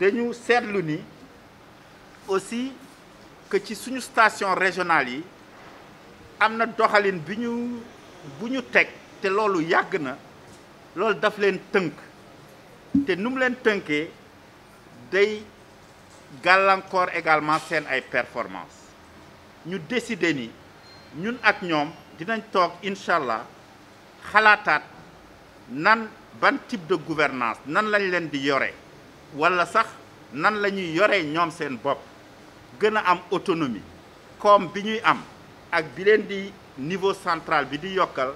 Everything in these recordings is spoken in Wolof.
dañu seetlu ni aussi que ci suñu station régionale yi am na doxalin bi bu ñu teg te loolu yàgg na loolu daf leen tënk te nu leen tënkee day gàllankoor également seen ay performance ñu décider ni ñun ak ñoom dinañ tok inshallah allah nan ban type de gouvernance nan lañ leen di yore wala sax nan la ñuy yore seen bop gëna am autonomie comme biñuy am ak bi leen di niveau central bi di yokal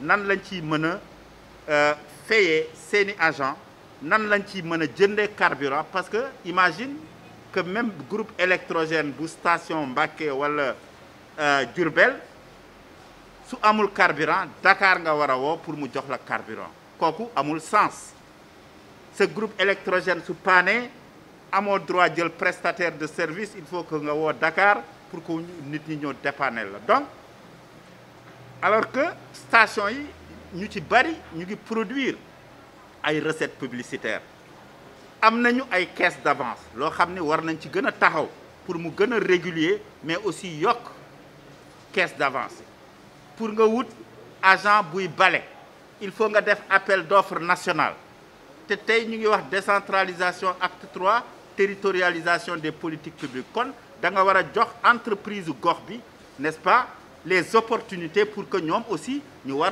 nan lañ ciy mëna euh fayee seeni agent nan lañ ciy mëna a carburant parce que imagine que même groupe électrogène bu station Mbacké wala euh, durbel su amul carburant Dakar nga wara a pour mu jox la carburant kooku amul sens ce groupe électrogène su pané amo droit le prestataire de service il faut que nga wo Dakar pour que nit ñi ñoo dépanner la donc alors que station yi ñu ci bari ñu ngi produire ay recettes publicitaires am nañu ay caisse d'avance lo xamni war nañ ci gëna taxaw pour mu gëna régulier mais aussi yok caisse d'avance pour nga agents, agent bouy il faut faire appel d'offres national Nous nous ñu décentralisation acte 3 territorialisation des politiques publiques kon da nga jox n'est-ce pas les opportunités pour que nous aussi nous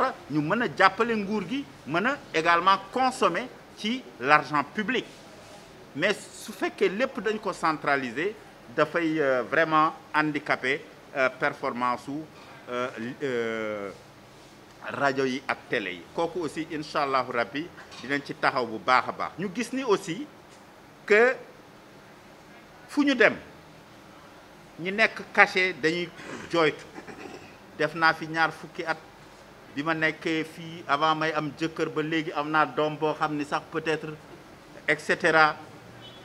également consommer l'argent public mais ce fait que les centralisés centraliser dafay euh, vraiment handicapé euh, performance ou... Euh, euh, rajo yi ak télé yi kooku aussi incha allahu rabbi dinañ ci taxaw bu baax a baax ñu gis ni aussi que fu ñu dem ñi nekk caché dañuy jooytu def naa fi ñaar fukki at bi ma nekkee fii avant may am jëkkër ba léegi am naa doom boo xam ni sax peut-être et cetera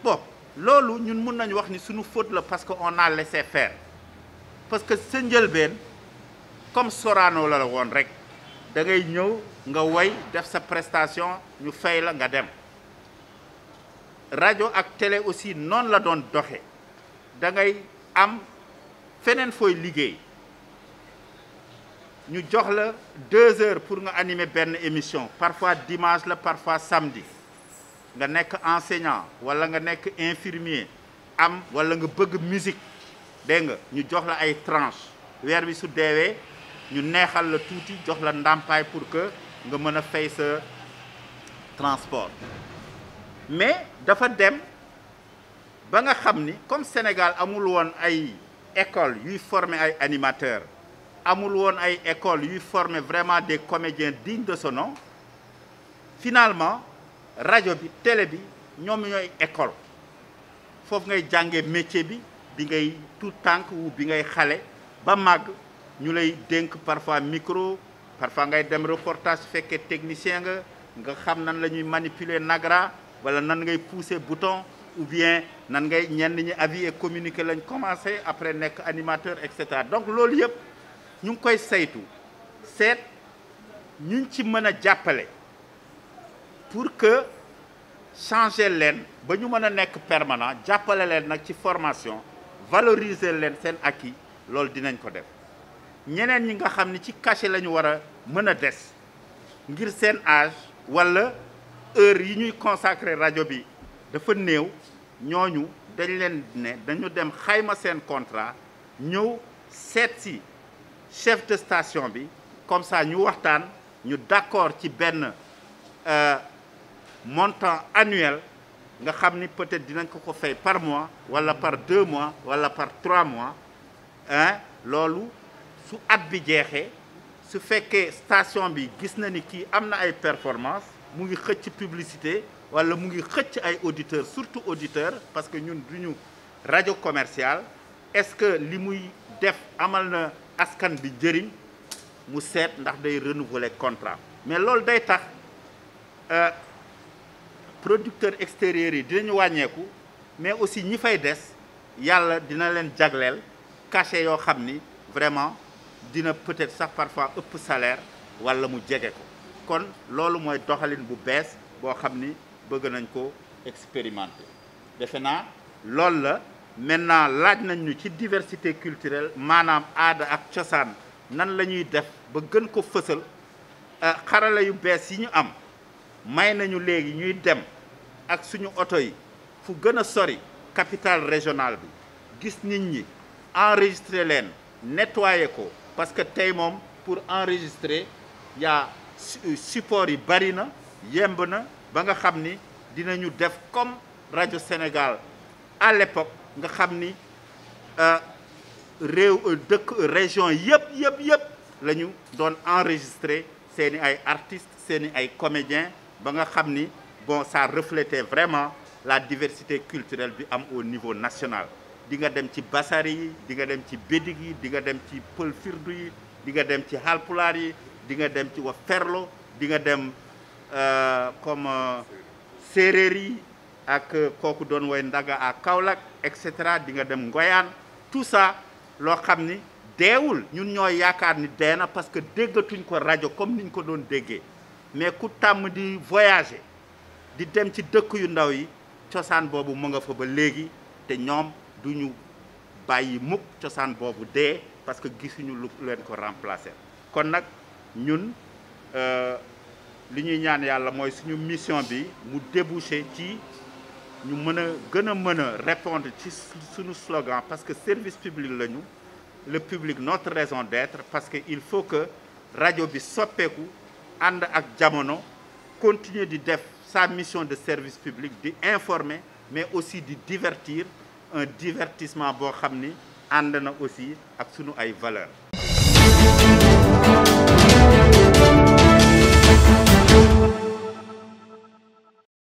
bon loolu ñun mun nañu wax ni suñu fóot la parce que on a laissé faire parce sa njëlbeen comme Sorano la won rek da ngay ñew nga way def sa prestation ñu fay la nga dem radio ak télé aussi non la don doxé da ngay am fenen foy liggéey ñu jox la deux heures pour nga animer ben émission parfois dimanche la parfois samedi nga nek enseignant wala nga nek infirmier am wala nga bëgg musique dégg nga ñu jox la ay tranche weer bi su déwé ñu neexal la tuuti jox la ndàmpaay pour que nga mën a fay sa transport mais dafa dem ba nga xam comme Sénégal amul woon ay école yuy former ay animateurs amul woon ay école yuy former vraiment des comédiens dignes de son nom finalement radio bi télé bi ñoom ñooy école foofu ngay jàngee métier bi bi ngay tout tànk wu bi ngay xale ba màgg ñu lay dénk parfois micro parfois ngay dem reportage fekke technicien nga nga xam nan lañuy manipuler Nagra wala nan ngay pousser bouton ou bien nan ngay ñenn ñi avis et communiquer lañ commencé après nek animateur etc. donc lool yëpp ñu ngi koy saytu set ñu ci mëna jappalé pour que changer leen ba ñu mëna nek permanent jappalé leen nak ci formation valoriser leen sen acquis lool dinañ ko def ñeneen ñi nga xam ni ci cachet lañu ñu war a mën a des ngir seen âge wala heure yi ñuy consacré rajo bi dafa néew ñooñu dañ leen ne dañu dem xayma seen contrat ñëw seet si chef de station bi comme ça ñu waxtaan ñu d'accord ci benn euh, montant annuel nga xam ni peut-être dinañ ko ko fay par mois wala par deux mois wala par trois mois hein loolu su at bi jeexee su station bi gis na ni ki amna ay performance mu ngi xëcc publicité wala mu ngi xëcc ay auditeur surtout auditeur parce que ñun duñu radio commerciale. est-ce que li muy def amal na askan bi njëriñ mu seet ndax day renouveler contrat mais lool day tax euh, producteurs extérieurs yi dinañu wàññeeku mais aussi ñi fay dess yalla dina len jagleel cachet yo xamni vraiment dina peut-être sax parfois ëpp salaire wala mu jege ko kon loolu mooy doxalin bu bees boo xam ni bëgg nañ ko expérimenter defe naa loolu la maintenant laaj nañ ñu ci diversité culturelle maanaam aada ak cosaan nan la ñuy def ba gën ko fësal euh, xarala yu bees yi ñu am may nañu léegi ñuy dem ak suñu oto yi fu gën a sori capital régional bi gis nit ñi enregistré leen nettoyé ko parce que enregistrer, pour enregistrer il euh, support a bari na yemb na ba nga def comme Radio Sénégal à l'époque nga xam euh, euh, région yep yep yep, des enregistrer artistes des comédiens bon ça reflétait vraiment la diversité culturelle au niveau national di nga dem ci basari yi di nga dem ci bédig yi di nga dem ci pël firdu yi di nga dem ci halpulaar yi di nga dem ci wa ferlo di nga dem euh, comme euh, séeréer yi ak euh, kooku doon woy ndaga à Kaolack et cetera di nga dem ngoyaan tout ça loo xam ni deewul ñun ñoo yaakaar ni dee na parce que déggatuñ ko rajo comme niñ ko doon déggee mais ku tàmm di voyager di dem ci dëkk yu ndaw yi cosaan boobu mu nga fa ba léegi te ñoom Nous bayyi bàyyi ci cosaan bobu parce que gisunu lu leen ko remplacer kon nak ñun euh, li ñuy ñaan mission bi mu déboucher ci ñu mën gëna répondre ci suñu slogan parce que service public lañu le public notre raison d'être parce que il faut que Radio bi soppeku and ak jamono continuer di def sa mission de service public di informer mais aussi de divertir un divertissement pour xam ni aussi ak sunu ay